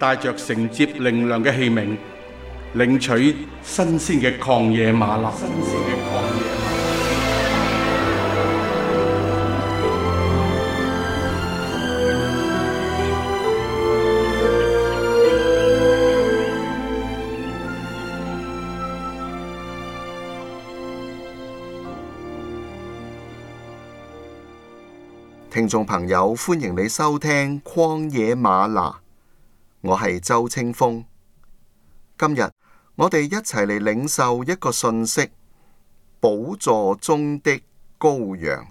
帶着承接靈糧嘅器皿，領取新鮮嘅曠野嗎哪。聽眾朋友，歡迎你收聽曠野嗎哪。我係周清風。今日我哋一齊嚟領受一個信息，寶座中的羔羊，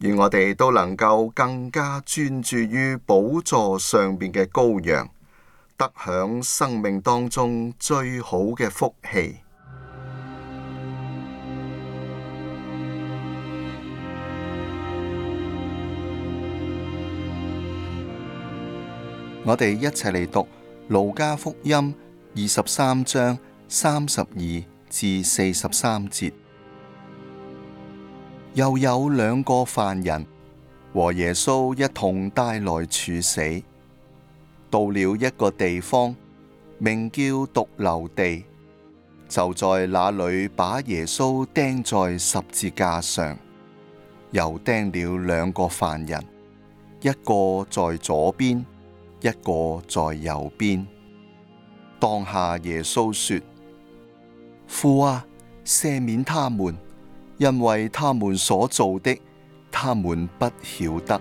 願我哋都能夠更加專注於寶座上面嘅羔羊，得享生命當中最好嘅福氣。我哋一齊嚟讀《路加福音》二十三章三十二至四十三節。又有兩個犯人和耶穌一同帶來處死，到了一個地方，名叫髑髏地，就在那裏把耶穌釘在十字架上，又釘了兩個犯人，一個在左邊，一個在右邊，當下耶穌說：父啊，赦免他們，因為他們所做的，他們不曉得。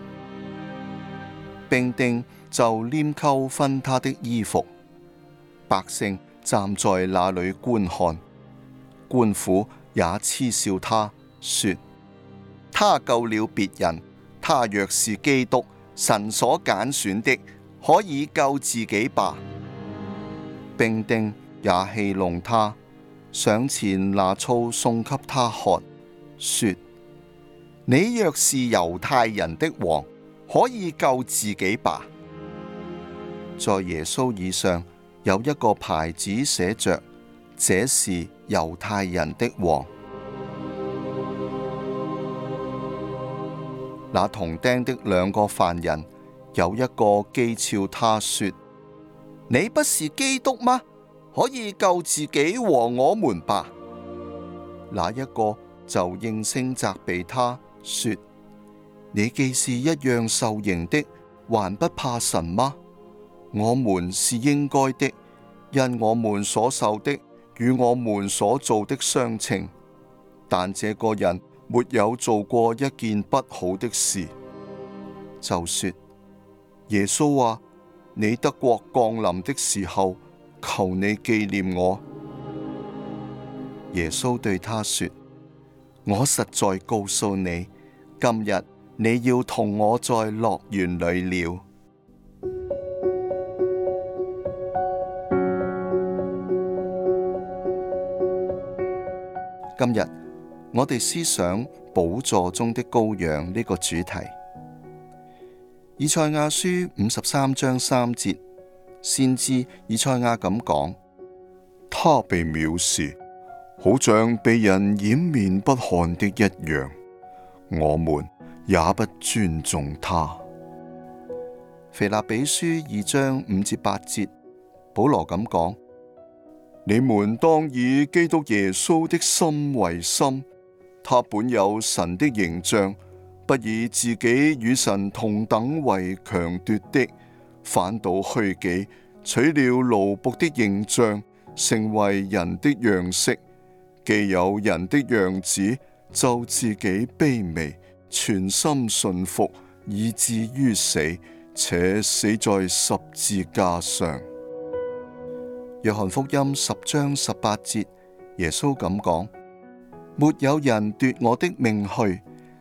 兵丁就拈鬮分他的衣服。百姓站在那裏觀看，官府也嗤笑他，說：他救了別人，他若是基督，神所揀選的。可以救自己吧。兵丁也戲弄他，上前拿醋送給他喝，說：你若是猶太人的王，可以救自己吧。在耶穌以上有一個牌子寫着：這是猶太人的王。那同釘的兩個犯人。有一個譏誚他說：你不是基督嗎？可以救自己和我們吧。那一個就應聲責備他說：你既是一樣受刑的，還不怕神嗎？我們是應該的，因我們所受的與我們所做的相稱。但這個人沒有做過一件不好的事，就說。耶穌話：你得國降臨的時候，求你紀念我。耶穌對他說：我實在告訴你，今日你要同我在樂園裏了。今日我哋思想寶座中的羔羊呢、這個主題。以賽亞書五十三章三節，先知以賽亞咁講：他被藐視，好像被人掩面不看的一樣，我們也不尊重他。腓立比書二章五至八節，保羅咁講：你們當以基督耶穌的心為心，他本有神的形象。不以自己與神同等為強奪的，反倒虛己，取了奴僕的形象，成為人的樣式；既有人的樣子，就自己卑微，全心順服，以至於死，且死在十字架上。約翰福音十章十八節，耶穌咁講：沒有人奪我的命去。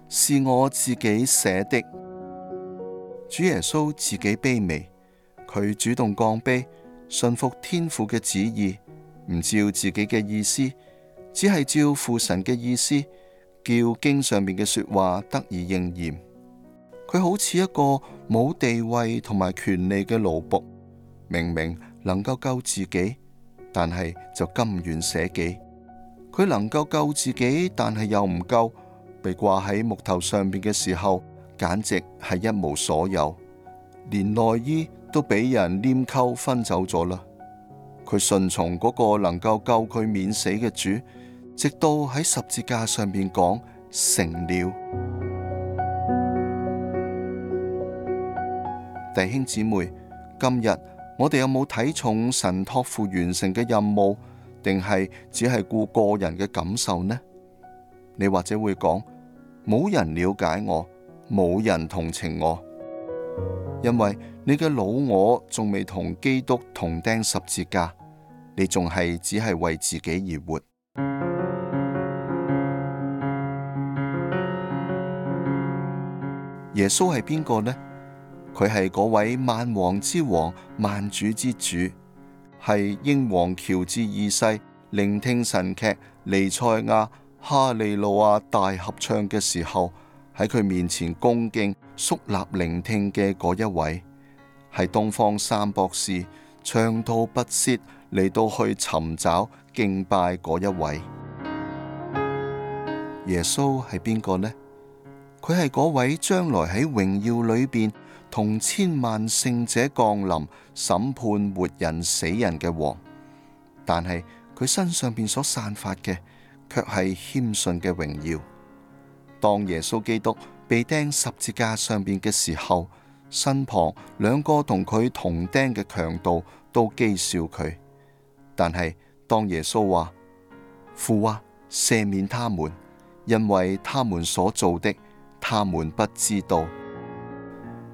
是我自己寫的。主耶穌自己卑微，佢主動降卑，信服天父嘅旨意，唔照自己嘅意思，只係照父神嘅意思，叫經上面嘅說話得以應驗。佢好似一個冇地位同埋權利嘅奴僕，明明能夠救自己，但係就甘願捨己；佢能夠救自己，但係又唔救。被掛喺木頭上邊嘅時候，簡直係一無所有，連內衣都俾人拈鬮分走咗啦。佢順從嗰個能夠救佢免死嘅主，直到喺十字架上面講成了。弟兄姊妹，今日我哋有冇睇重神託付完成嘅任務，定係只係顧個人嘅感受呢？你或者會講。冇人了解我，冇人同情我，因為你嘅老我仲未同基督同釘十字架，你仲係只係為自己而活。耶穌係邊個呢？佢係嗰位萬王之王、萬主之主，係英皇喬治二世，聆聽神劇《彌賽亞》。哈利路亞大合唱嘅時候，喺佢面前恭敬肅立聆聽嘅嗰一位，係東方三博士長途跋涉嚟到去尋找敬拜嗰一位。耶穌係邊個呢？佢係嗰位將來喺榮耀裏邊同千萬聖者降臨審判活人死人嘅王，但係佢身上邊所散發嘅。卻係謙遜嘅榮耀。當耶穌基督被釘十字架上邊嘅時候，身旁兩個同佢同釘嘅強盜都譏笑佢。但係當耶穌話，父啊，赦免他們，因為他們所做的，他們不知道。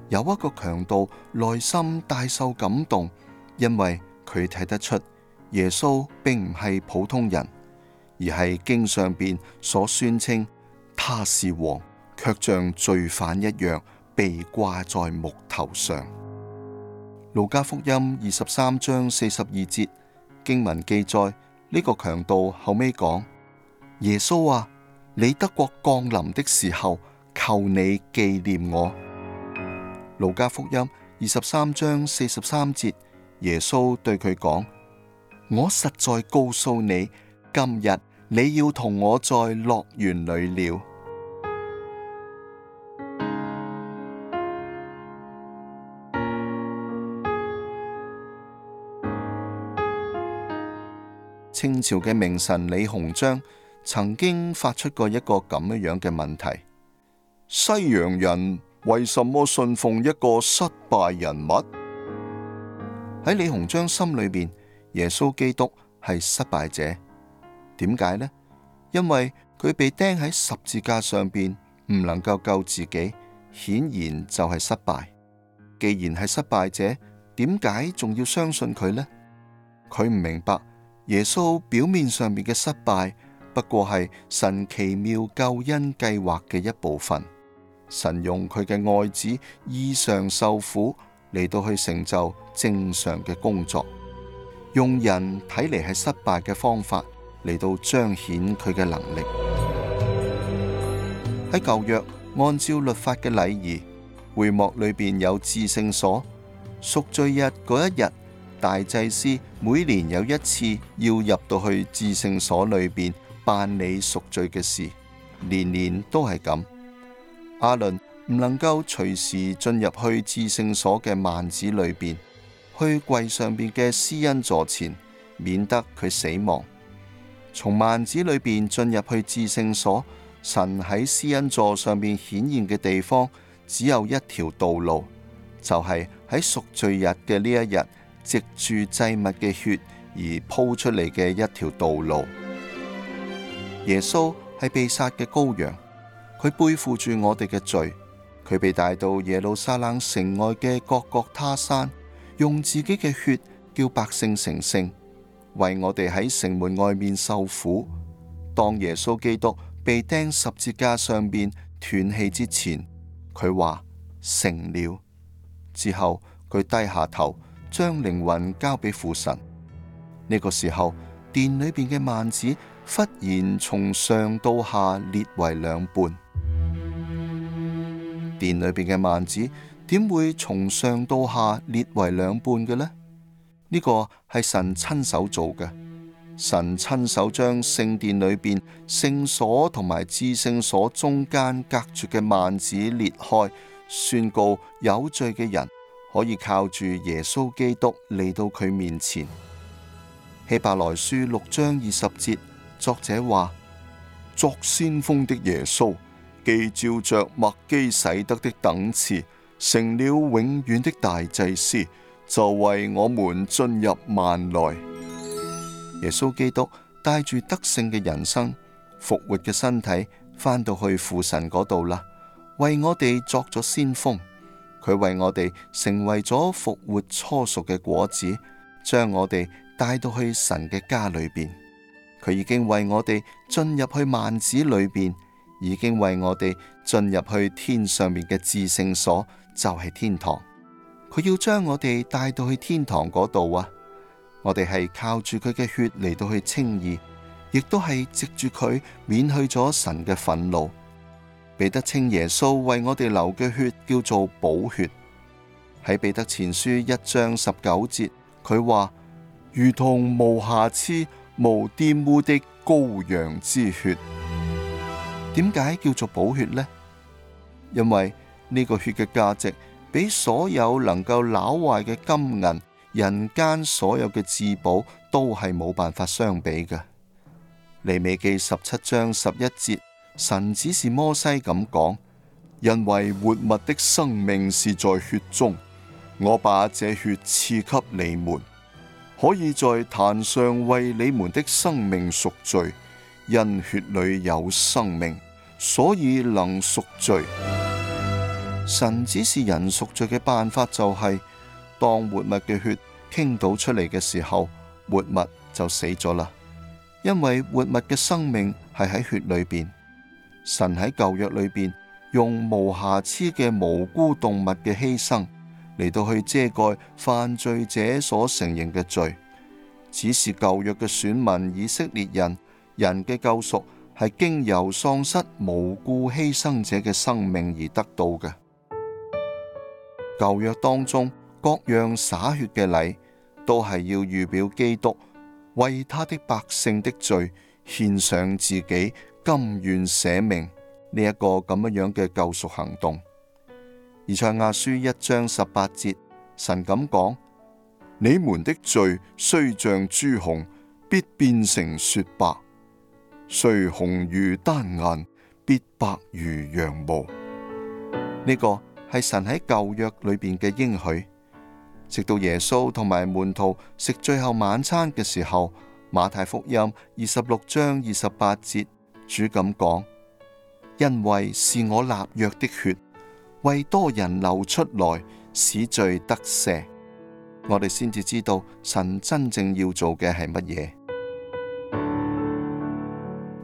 有一個強盜內心大受感動，因為佢睇得出耶穌並唔係普通人。而係經上面所宣稱，他是王，卻像罪犯一樣被掛在木頭上。路加福音二十三章四十二節經文記載，呢、這個強盜後尾講：耶穌啊，你得國降臨的時候，求你紀念我。路加福音二十三章四十三節，耶穌對佢講：我實在告訴你，今日。你要同我在樂園裡了。清朝嘅名臣李鴻章曾經發出過一個咁樣樣嘅問題：西洋人為什麼信奉一個失敗人物？喺李鴻章心裡邊，耶穌基督係失敗者。點解呢？因為佢被釘喺十字架上邊，唔能夠救自己，顯然就係失敗。既然係失敗者，點解仲要相信佢呢？佢唔明白耶穌表面上面嘅失敗，不過係神奇妙救恩計劃嘅一部分。神用佢嘅愛子異常受苦嚟到去成就正常嘅工作，用人睇嚟係失敗嘅方法，嚟到彰顯佢嘅能力喺 舊約，按照律法嘅禮儀，會幕裏邊有至聖所，贖罪日嗰一日，大祭司每年有一次要入到去至聖所裏邊辦理贖罪嘅事，年年都係咁。阿倫唔能夠隨時進入去至聖所嘅幔子裏邊，去櫃上邊嘅施恩座前，免得佢死亡。從幔子裏邊進入去至聖所，神喺施恩座上面顯現嘅地方，只有一條道路，就係喺贖罪日嘅呢一日，藉住祭物嘅血而鋪出嚟嘅一條道路。耶穌係被殺嘅羔羊，佢背負住我哋嘅罪，佢被帶到耶路撒冷城外嘅各各他山，用自己嘅血叫百姓成聖。為我哋喺城門外面受苦，當耶穌基督被釘十字架上邊斷氣之前，佢話成了。之後佢低下頭，將靈魂交俾父神。呢、這個時候，殿裏邊嘅幔子忽然從上到下裂為兩半。殿裏邊嘅幔子點會從上到下裂為兩半嘅呢？呢個係神親手做嘅，神親手將聖殿裏邊聖所同埋至聖所中間隔住嘅幔子裂開，宣告有罪嘅人可以靠住耶穌基督嚟到佢面前。希伯來書六章二十節，作者話：作先鋒的耶穌，既照着麥基洗德的等次，成了永遠的大祭司。就為我們進入幔內，耶穌基督帶住得勝嘅人生、復活嘅身體，翻到去父神嗰度啦，為我哋作咗先鋒。佢為我哋成為咗復活初熟嘅果子，將我哋帶到去神嘅家裏邊。佢已經為我哋進入去幔子裏邊，已經為我哋進入去天上面嘅至聖所，就係、是、天堂。佢要將我哋帶到去天堂嗰度啊！我哋係靠住佢嘅血嚟到去稱義，亦都係藉住佢免去咗神嘅憤怒。彼得稱耶穌為我哋流嘅血叫做寶血。喺彼得前書一章十九節，佢話如同無瑕疵、無玷污的羔羊之血。點解叫做寶血呢？因為呢個血嘅價值。比所有能夠攋壞嘅金銀，人間所有嘅至寶都係冇辦法相比嘅。利未記十七章十一節，神指示摩西咁講，因為活物的生命是在血中，我把這血賜給你們，可以在壇上為你們的生命贖罪，因血裏有生命，所以能贖罪。神指示人贖罪嘅辦法就係、是、當活物嘅血傾倒出嚟嘅時候，活物就死咗啦。因為活物嘅生命係喺血裏邊，神喺舊約裏邊用無瑕疵嘅無辜動物嘅犧牲嚟到去遮蓋犯罪者所承認嘅罪。只是舊約嘅選民以色列人，人嘅救贖係經由喪失無辜犧牲者嘅生命而得到嘅。舊約當中各樣灑血嘅禮，都係要預表基督為他的百姓的罪，獻上自己甘願捨命呢一個咁樣嘅救贖行動。而賽亞書一章十八節，神咁講：你們的罪雖像朱紅，必變成雪白；雖紅如丹顏，必白如羊毛。呢、這個。係神喺舊約裏邊嘅應許，直到耶穌同埋門徒食最後晚餐嘅時候，《馬太福音》二十六章二十八節，主咁講：因為是我立約的血，為多人流出來，使罪得赦。我哋先至知道神真正要做嘅係乜嘢。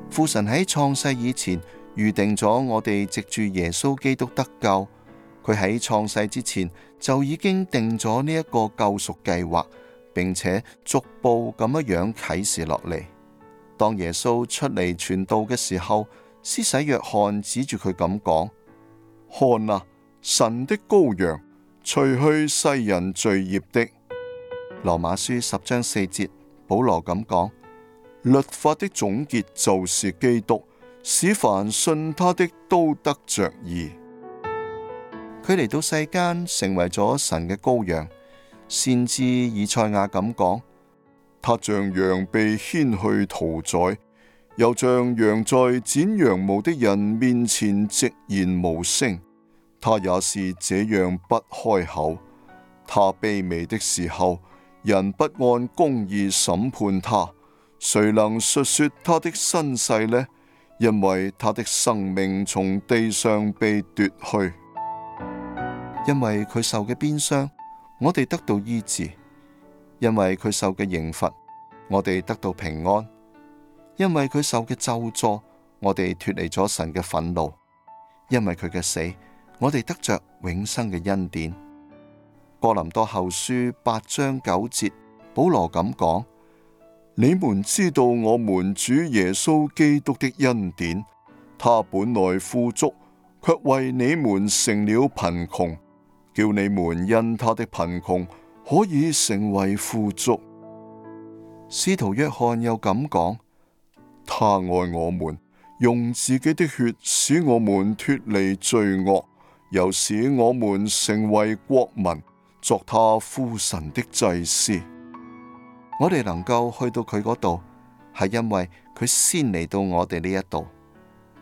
父神喺創世以前預定咗，我哋藉住耶穌基督得救。佢喺創世之前就已經定咗呢一個救贖計劃，並且逐步咁樣樣啟示落嚟。當耶穌出嚟傳道嘅時候，施洗約翰指住佢咁講：看啊，神的羔羊，除去世人罪孽的。羅馬書十章四節，保羅咁講：律法的總結就是基督，使凡信他的都得着義。佢嚟到世間，成為咗神嘅羔羊，先至以賽亞咁講：他像羊被牽去屠宰，又像羊在剪羊毛的人面前寂然無聲。他也是這樣不開口。他卑微的時候，人不按公義審判他，誰能述說他的身世呢？因為他的生命從地上被奪去。因為佢受嘅鞭傷，我哋得到醫治；因為佢受嘅刑罰，我哋得到平安；因為佢受嘅咒詛，我哋脫離咗神嘅憤怒；因為佢嘅死，我哋得着永生嘅恩典。哥林多後書八章九節，保羅咁講：你們知道，我們主耶穌基督的恩典，他本來富足，卻為你們成了貧窮。叫你們因他的貧窮可以成為富足。使徒約翰又咁講：他愛我們，用自己的血使我們脫離罪惡，又使我們成為國民，作他父神的祭司。我哋能夠去到佢嗰度，係因為佢先嚟到我哋呢一度，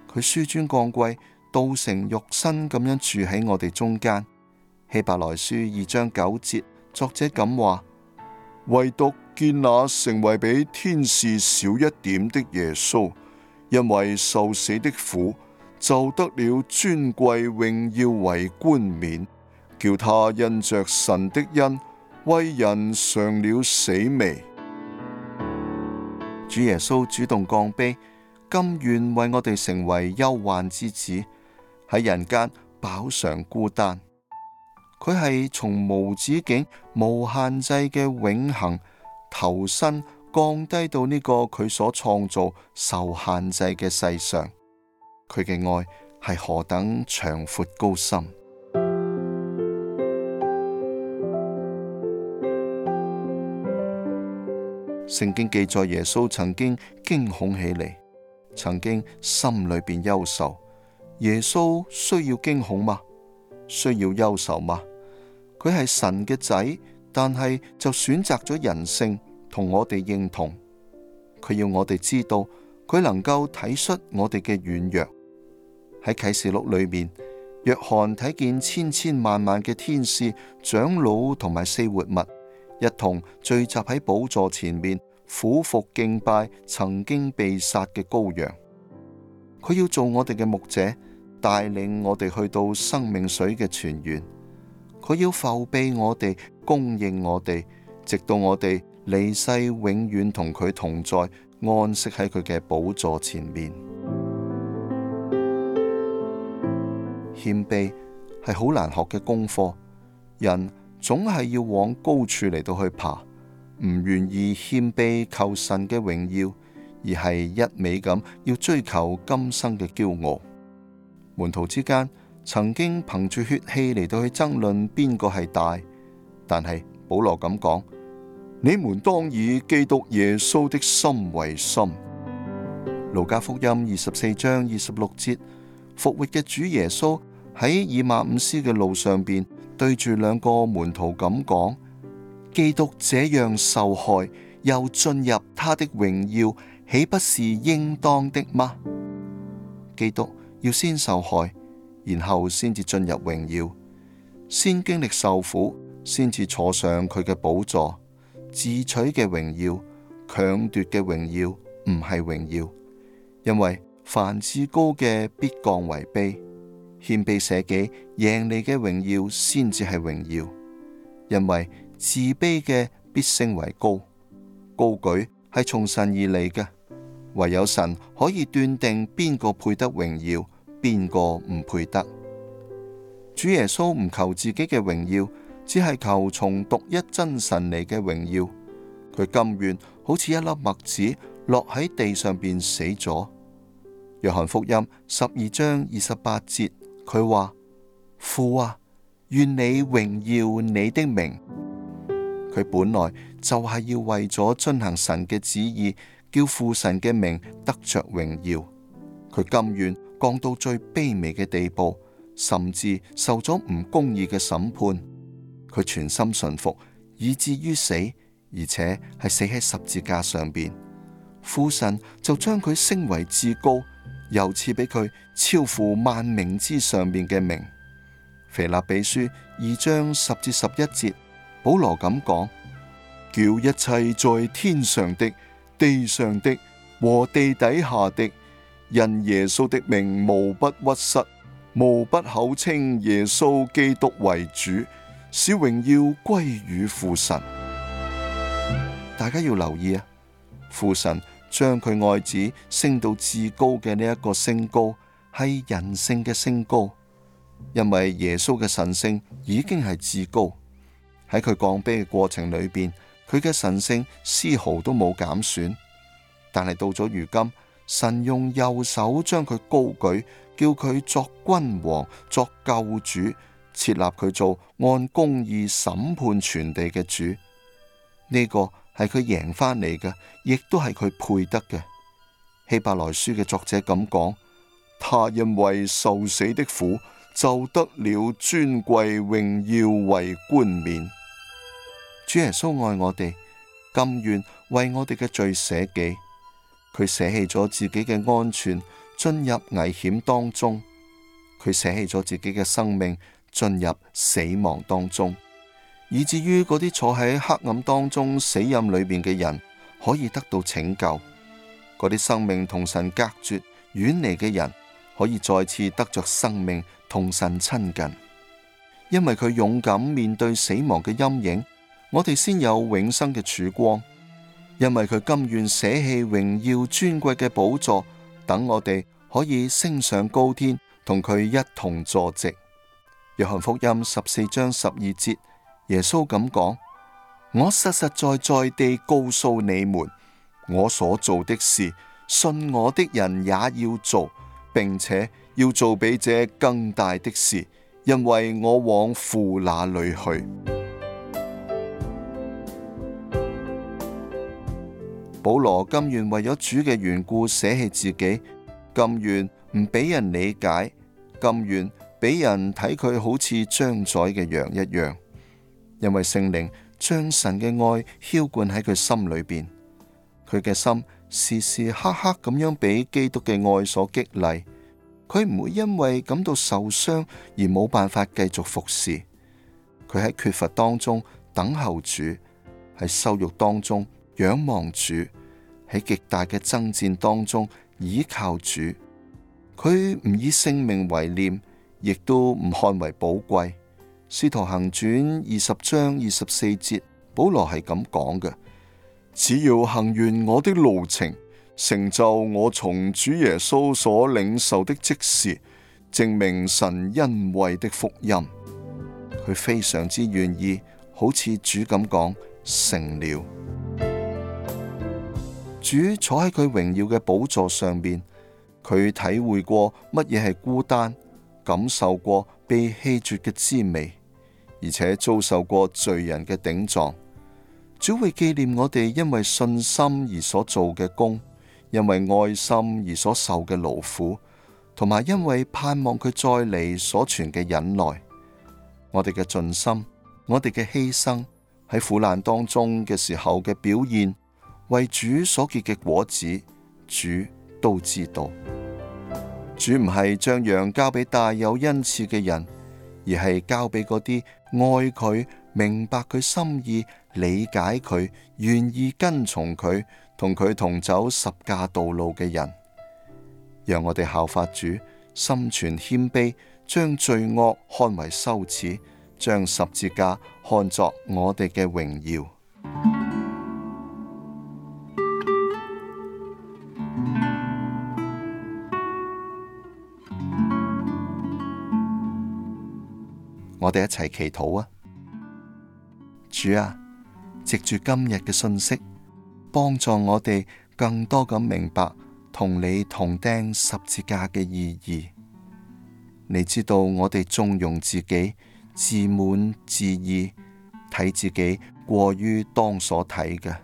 佢紆尊降貴，道成肉身咁樣住喺我哋中間。希伯來書二章九節，作者咁話：唯獨見那成為比天使少一點的耶穌，因為受死的苦，就得了尊貴榮耀為冠冕，叫他因着神的恩，為人嘗了死味。主耶穌主動降卑，甘願為我哋成為憂患之子，喺人間飽嘗孤單。佢係從無止境、無限制嘅永恒投身，降低到呢個佢所創造受限制嘅世上，佢嘅愛係何等長闊高深？ 聖經記載耶穌曾經驚恐起嚟，曾經心裏面憂愁。耶穌需要驚恐嗎？需要憂愁嗎？佢係神嘅仔，但係就選擇咗人性，同我哋認同。佢要我哋知道，佢能夠體恤我哋嘅軟弱。喺啟示錄裏面，約翰睇見千千萬萬嘅天使、長老同埋四活物，一同聚集喺寶座前面，俯伏敬拜曾經被殺嘅羔羊。佢要做我哋嘅牧者。帶領我哋去到生命水嘅泉源，佢要覆庇我哋，供應我哋，直到我哋離世永遠同佢同在，安息喺佢嘅寶座前面。謙卑係好難學嘅功課，人總係要往高處嚟到去爬，唔願意謙卑求神嘅榮耀，而係一味咁要追求今生嘅驕傲。門徒之間曾經憑住血氣嚟到去爭論邊個係大，但係保羅咁講：你們當以基督耶穌的心為心。路加福音二十四章二十六節，復活嘅主耶穌喺以馬忤斯嘅路上邊，對住兩個門徒咁講：基督這樣受害，又進入他的榮耀，豈不是應當的嗎？基督。要先受害，然後先至進入榮耀；先經歷受苦，先至坐上佢嘅寶座。自取嘅榮耀、強奪嘅榮耀唔係榮耀，因為凡至高嘅必降為卑；謙卑捨己、贏利嘅榮耀先至係榮耀，因為自卑嘅必升為高。高舉係從神而嚟嘅，唯有神可以斷定邊個配得榮耀。邊個唔配得？主耶穌唔求自己嘅榮耀，只係求從獨一真神嚟嘅榮耀。佢甘願好似一粒麥子落喺地上邊死咗。約翰福音十二章二十八節，佢話，父啊，願你榮耀你的名。佢本來就係要為咗遵行神嘅旨意，叫父神嘅名得着榮耀。佢甘願。降到最卑微嘅地步，甚至受咗唔公義嘅審判，佢全心順服，以至於死，而且係死喺十字架上邊。父神就將佢升為至高，又賜俾佢超乎萬名之上邊嘅名。腓立比書二章十至十一節，保羅咁講，叫一切在天上的、地上的和地底下的。因耶穌的名，無不屈膝，無不口稱耶穌基督為主，使榮耀歸於父神。大家要留意啊，父神將佢愛子升到至高嘅呢一個升高，係人性嘅升高，因為耶穌嘅神聖已經係至高。喺佢降卑嘅過程裏邊，佢嘅神聖絲毫都冇減損，但係到咗如今。神用右手將佢高舉，叫佢作君王、作救主，設立佢做按公義審判全地嘅主。呢、這個係佢贏翻嚟嘅，亦都係佢配得嘅。希伯來書嘅作者咁講，他因為受死的苦就得了尊貴榮耀為冠冕。主耶穌愛我哋，甘願為我哋嘅罪捨己。佢捨棄咗自己嘅安全，進入危險當中；佢捨棄咗自己嘅生命，進入死亡當中。以至於嗰啲坐喺黑暗當中、死蔭裏面嘅人，可以得到拯救；嗰啲生命同神隔絕、遠離嘅人，可以再次得着生命同神親近。因為佢勇敢面對死亡嘅陰影，我哋先有永生嘅曙光。因為佢甘願捨棄榮耀尊貴嘅寶座，等我哋可以升上高天，同佢一同坐席。約翰福音十四章十二節，耶穌咁講：我實實在在地告訴你們，我所做的事，信我的人也要做，並且要做比這更大的事，因為我往父那裏去。保羅甘願為咗主嘅緣故捨棄自己，甘願唔俾人理解，甘願俾人睇佢好似將宰嘅羊一樣。因為聖靈將神嘅愛澆灌喺佢心裏邊，佢嘅心時時刻刻咁樣俾基督嘅愛所激勵，佢唔會因為感到受傷而冇辦法繼續服侍。佢喺缺乏當中等候主，喺羞辱當中，仰望主，喺極大嘅爭戰當中倚靠主，佢唔以性命為念，亦都唔看為寶貴。使徒行傳二十章二十四節，保羅係咁講嘅，只要行完我的路程，成就我從主耶穌所領受的職事，證明神恩惠的福音。佢非常之願意，好似主咁講，成了。主坐喺佢榮耀嘅寶座上面，佢體會過乜嘢係孤單，感受過被棄絕嘅滋味，而且遭受過罪人嘅頂撞。主會紀念我哋因為信心而所做嘅工，因為愛心而所受嘅勞苦，同埋因為盼望佢再嚟所存嘅忍耐。我哋嘅盡心，我哋嘅犧牲，喺苦難當中嘅時候嘅表現。為主所結嘅果子，主都知道。主唔係將羊交俾大有恩賜嘅人，而係交俾嗰啲愛佢、明白佢心意、理解佢、願意跟從佢、同佢同走十架道路嘅人。讓我哋效法主，心存謙卑，將罪惡看為羞恥，將十字架看作我哋嘅榮耀。我哋一齊祈禱啊！主啊，藉住今日嘅信息，幫助我哋更多咁明白同你同釘十字架嘅意義。你知道我哋縱容自己、自滿自義，睇自己過於當所睇嘅。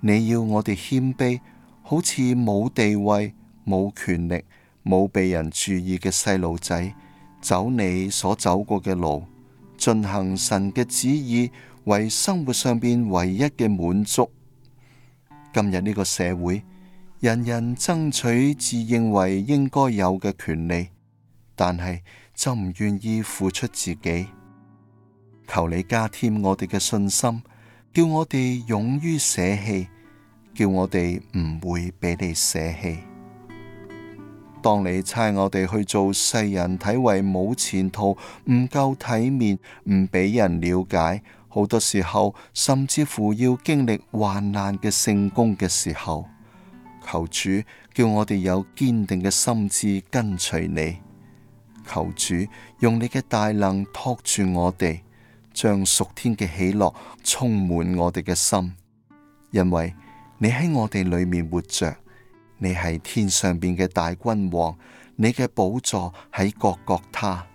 你要我哋謙卑，好似冇地位、冇權力、冇被人注意嘅細路仔。走你所走過嘅路，進行神嘅旨意，為生活上面唯一嘅滿足。今日呢個社會，人人爭取自認為應該有嘅權利，但係就唔願意付出自己。求你加添我哋嘅信心，叫我哋勇於捨棄，叫我哋唔會俾你捨棄。當你猜，我哋去做世人睇為冇前途、唔夠體面、唔俾人了解，好多時候甚至乎要經歷患難嘅聖工嘅時候，求主叫我哋有堅定嘅心志跟隨你，求主用你嘅大能托住我哋，將屬天嘅喜樂充滿我哋嘅心，因為你喺我哋裏面活着。你係天上邊嘅大君王，你嘅寶座喺各各他。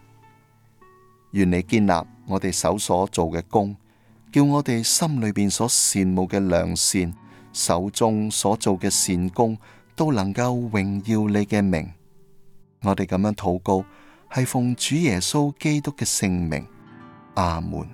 願你建立我哋手所做嘅功，叫我哋心裏邊所羨慕嘅良善，手中所做嘅善功，都能夠榮耀你嘅名。我哋咁樣禱告，係奉主耶穌基督嘅聖名。阿門。